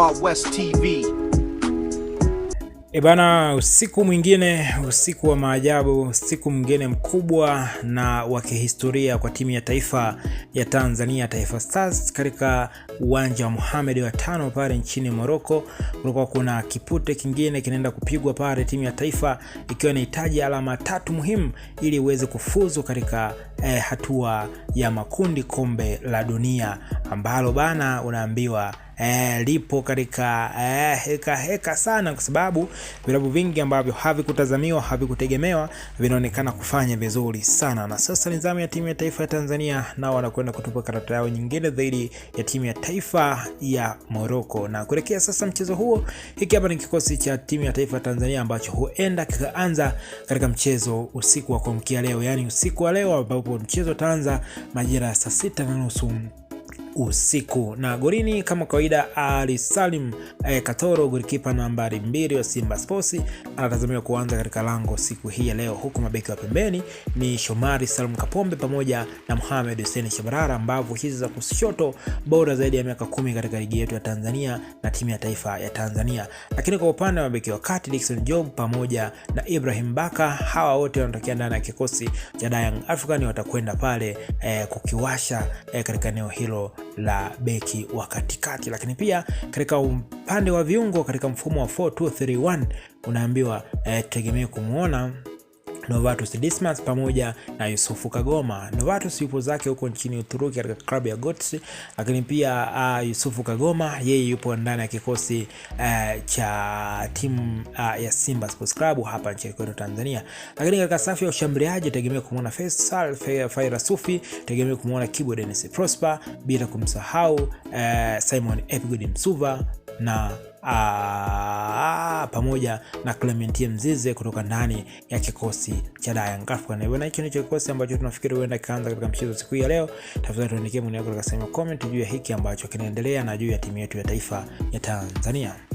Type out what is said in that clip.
Wild West TV. E bana, usiku mwingine, usiku wa maajabu, usiku mwingine mkubwa na wa kihistoria kwa timu ya taifa ya Tanzania, Taifa Stars, katika uwanja wa Mohamed wa tano pale nchini Morocco. Kulikuwa kuna kipute kingine kinaenda kupigwa pale, timu ya taifa ikiwa inahitaji alama tatu muhimu ili iweze kufuzu katika eh, hatua ya makundi kombe la dunia ambalo bana unaambiwa eh, lipo katika eh, heka heka sana, kwa sababu vilabu vingi ambavyo havikutazamiwa havikutegemewa vinaonekana kufanya vizuri sana, na sasa ni zamu ya timu ya taifa ya Tanzania, nao wanakwenda kutupa karata yao nyingine dhidi ya timu ya taifa ya Morocco. Na kuelekea sasa mchezo huo, hiki hapa ni kikosi cha timu ya taifa ya Tanzania ambacho huenda kikaanza katika mchezo usiku wa kuamkia leo, yani usiku wa leo ambapo mchezo utaanza majira ya saa sita na nusu usiku. Na golini kama kawaida Ali Salim eh, Katoro golikipa nambari mbili wa Simba Sports anatazamiwa kuanza katika lango siku hii ya leo, huku mabeki wa pembeni ni Shomari Salum Kapombe pamoja na Mohamed Hussein Shabarara, mbavu hizi za kushoto bora zaidi ya miaka kumi katika ligi yetu ya Tanzania na timu ya taifa ya Tanzania. Lakini kwa upande wa mabeki wa kati Dickson Job pamoja na Ibrahim Baka, hawa wote wanatokea ndani ya kikosi cha Young African, watakwenda pale eh, kukiwasha eh, katika eneo hilo la beki wa katikati, lakini pia katika upande wa viungo katika mfumo wa 4231 unaambiwa eh, tegemee kumwona Novatus Dismas pamoja na Yusufu Kagoma. Novatus yupo zake huko nchini Uturuki katika klabu ya Gotse, lakini pia uh, Yusufu Kagoma yeye yupo ndani ya kikosi uh, cha timu uh, ya Simba Sports Club hapa nchini kwetu Tanzania. Lakini katika safu ya ushambuliaji tegemea kumuona Faisal Faira Sufi, tegemea kumuona Kibo Dennis Prosper, bila kumsahau uh, Simon Epigodi Msuva na aa, ah, pamoja na Clement Mzize kutoka ndani ya kikosi cha Young hicho ndicho kikosi ambacho tunafikiri huenda kikaanza katika mchezo siku ya leo. Tafadhali tuandikie maoni katika sehemu ya comment juu ya hiki ambacho kinaendelea na juu ya timu yetu ya taifa ya Tanzania.